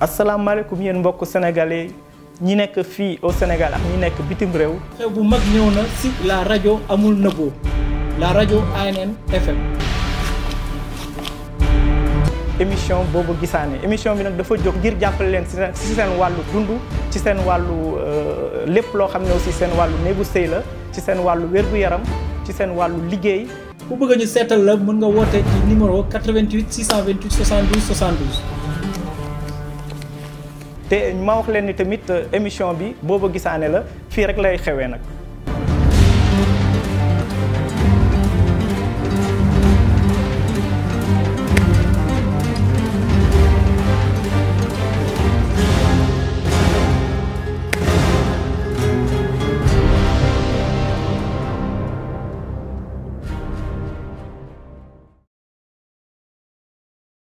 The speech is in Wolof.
asalaamaaleykum yéen mbokk sénégalais ñi nekk fii au Sénégal ak ñi nekk bitim réew. xew bu mag ñëw na si la rajo amul nëbboo la rajo ANN FM. émission boobu gisaane émission bi nag dafa jóg ngir jàppale leen si seen wàllu dund ci seen wàllu euh, lépp loo xam ne aussi seen wàllu néegu sëy la ci seen wàllu wér-gu-yaram ci seen wàllu liggéey. ku bëgg ñu seetal la mën nga woote ci numéro 88 628 72 72. te ma wax leen ni tamit euh, émission bi booba gisaane la fii rek lay xewee nag